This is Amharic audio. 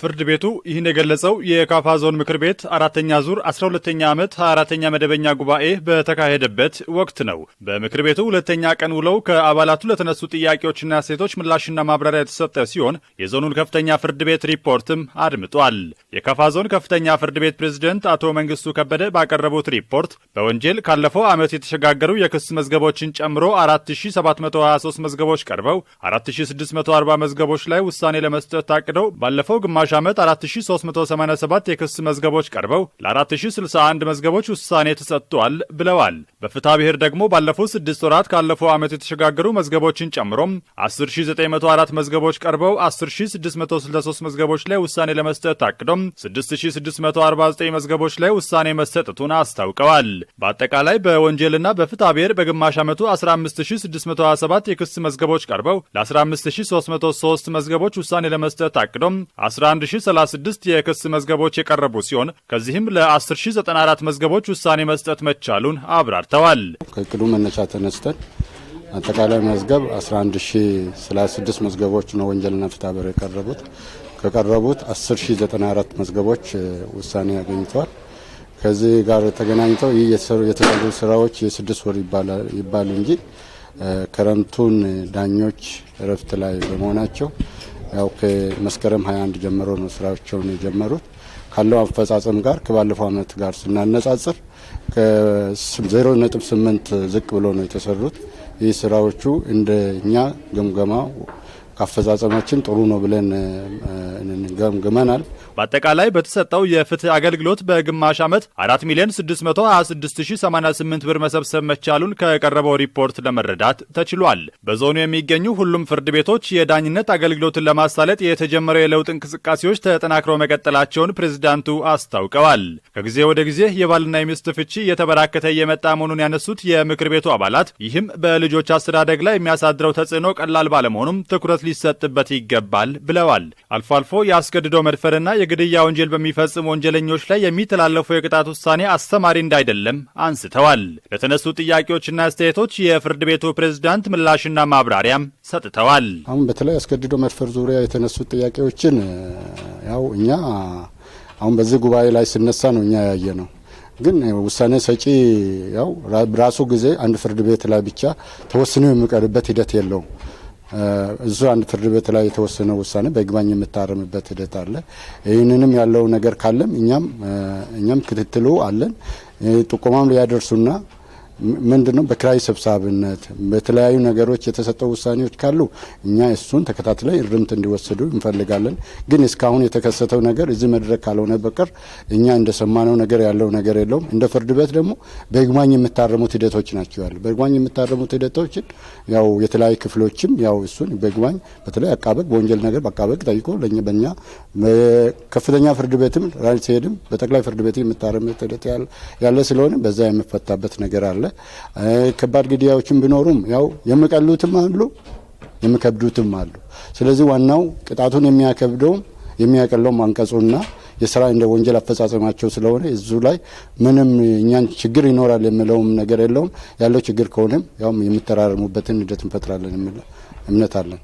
ፍርድ ቤቱ ይህን የገለጸው የካፋ ዞን ምክር ቤት አራተኛ ዙር 12ተኛ ዓመት 24ተኛ መደበኛ ጉባኤ በተካሄደበት ወቅት ነው። በምክር ቤቱ ሁለተኛ ቀን ውለው ከአባላቱ ለተነሱ ጥያቄዎችና ሴቶች ምላሽና ማብራሪያ የተሰጠ ሲሆን የዞኑን ከፍተኛ ፍርድ ቤት ሪፖርትም አድምጧል። የካፋ ዞን ከፍተኛ ፍርድ ቤት ፕሬዝደንት አቶ መንግስቱ ከበደ ባቀረቡት ሪፖርት በወንጀል ካለፈው ዓመት የተሸጋገሩ የክስ መዝገቦችን ጨምሮ 4723 መዝገቦች ቀርበው 4640 መዝገቦች ላይ ውሳኔ ለመስጠት ታቅደው ባለፈው ግማሽ የግማሽ ዓመት 4387 የክስ መዝገቦች ቀርበው ለ4061 መዝገቦች ውሳኔ ተሰጥቷል ብለዋል። በፍትሐ ብሔር ደግሞ ባለፉት ስድስት ወራት ካለፈው ዓመት የተሸጋገሩ መዝገቦችን ጨምሮም 10904 መዝገቦች ቀርበው 10663 መዝገቦች ላይ ውሳኔ ለመስጠት ታቅዶም 6649 መዝገቦች ላይ ውሳኔ መሰጠቱን አስታውቀዋል። በአጠቃላይ በወንጀልና በፍትሐ ብሔር በግማሽ ዓመቱ 15627 የክስ መዝገቦች ቀርበው ለ15303 መዝገቦች ውሳኔ ለመስጠት ታቅዶም 11 ለ1036 የክስ መዝገቦች የቀረቡ ሲሆን ከዚህም ለ1094 መዝገቦች ውሳኔ መስጠት መቻሉን አብራርተዋል። ከእቅዱ መነሻ ተነስተን አጠቃላይ መዝገብ 11036 መዝገቦች ነው ወንጀልና ፍትሐ ብሔር የቀረቡት። ከቀረቡት 1094 መዝገቦች ውሳኔ አግኝተዋል። ከዚህ ጋር ተገናኝተው ይህ የተሰሩ ስራዎች የስድስት ወር ይባል እንጂ ክረምቱን ዳኞች እረፍት ላይ በመሆናቸው ያው ከመስከረም 21 ጀምሮ ነው ስራቸውን የጀመሩት። ካለው አፈጻጸም ጋር ከባለፈው አመት ጋር ስናነጻጽር ከ0.8 ዝቅ ብሎ ነው የተሰሩት። ይህ ስራዎቹ እንደኛ ገምገማ። አፈጻጸማችን ጥሩ ነው ብለን ገምግመናል። በአጠቃላይ በተሰጠው የፍትህ አገልግሎት በግማሽ ዓመት 4 ሚሊዮን 626088 ብር መሰብሰብ መቻሉን ከቀረበው ሪፖርት ለመረዳት ተችሏል። በዞኑ የሚገኙ ሁሉም ፍርድ ቤቶች የዳኝነት አገልግሎትን ለማሳለጥ የተጀመረው የለውጥ እንቅስቃሴዎች ተጠናክረው መቀጠላቸውን ፕሬዝዳንቱ አስታውቀዋል። ከጊዜ ወደ ጊዜ የባልና የሚስት ፍቺ እየተበራከተ እየመጣ መሆኑን ያነሱት የምክር ቤቱ አባላት ይህም በልጆች አስተዳደግ ላይ የሚያሳድረው ተጽዕኖ ቀላል ባለመሆኑም ትኩረት ሊሰጥበት ይገባል ብለዋል። አልፎ አልፎ የአስገድዶ መድፈርና የግድያ ወንጀል በሚፈጽሙ ወንጀለኞች ላይ የሚተላለፉ የቅጣት ውሳኔ አስተማሪ እንዳይደለም አንስተዋል። ለተነሱ ጥያቄዎችና አስተያየቶች የፍርድ ቤቱ ፕሬዝዳንት ምላሽና ማብራሪያም ሰጥተዋል። አሁን በተለይ አስገድዶ መድፈር ዙሪያ የተነሱ ጥያቄዎችን ያው እኛ አሁን በዚህ ጉባኤ ላይ ስነሳ ነው እኛ ያየ ነው። ግን ውሳኔ ሰጪ ያው ራሱ ጊዜ አንድ ፍርድ ቤት ላይ ብቻ ተወስኖ የሚቀርበት ሂደት የለውም። እዙ አንድ ፍርድ ቤት ላይ የተወሰነ ውሳኔ በይግባኝ የምታረምበት ሂደት አለ። ይህንንም ያለው ነገር ካለም እኛም እኛም ክትትሉ አለን ጥቆማም ሊያደርሱና ነው በክራይ ሰብሳቢነት በተለያዩ ነገሮች የተሰጠው ውሳኔዎች ካሉ እኛ እሱን ተከታትለን እርምት እንዲወስዱ እንፈልጋለን። ግን እስካሁን የተከሰተው ነገር እዚህ መድረክ ካልሆነ በቀር እኛ እንደሰማነው ነገር ያለው ነገር የለውም። እንደ ፍርድ ቤት ደግሞ በይግባኝ የምታረሙት ሂደቶች ናቸው ያሉ በይግባኝ የምታረሙት ሂደቶችን ያው የተለያዩ ክፍሎችም ያው እሱን በይግባኝ በተለይ አቃበቅ በወንጀል ነገር በአቃበቅ ጠይቆ ለእኛ በእኛ ከፍተኛ ፍርድ ቤትም ራንድ ሲሄድም በጠቅላይ ፍርድ ቤት የምታረሙት ሂደት ያለ ስለሆነ በዛ የምፈታበት ነገር አለ። ከባድ ግድያዎችን ቢኖሩም ያው የሚቀሉትም አሉ የሚከብዱትም አሉ። ስለዚህ ዋናው ቅጣቱን የሚያከብደውም የሚያቀለውም አንቀጹና የስራ እንደ ወንጀል አፈጻጸማቸው ስለሆነ እዙ ላይ ምንም እኛን ችግር ይኖራል የሚለውም ነገር የለውም። ያለው ችግር ከሆነም ያው የምተራረሙበትን ሂደት እንፈጥራለን የሚል እምነት አለን።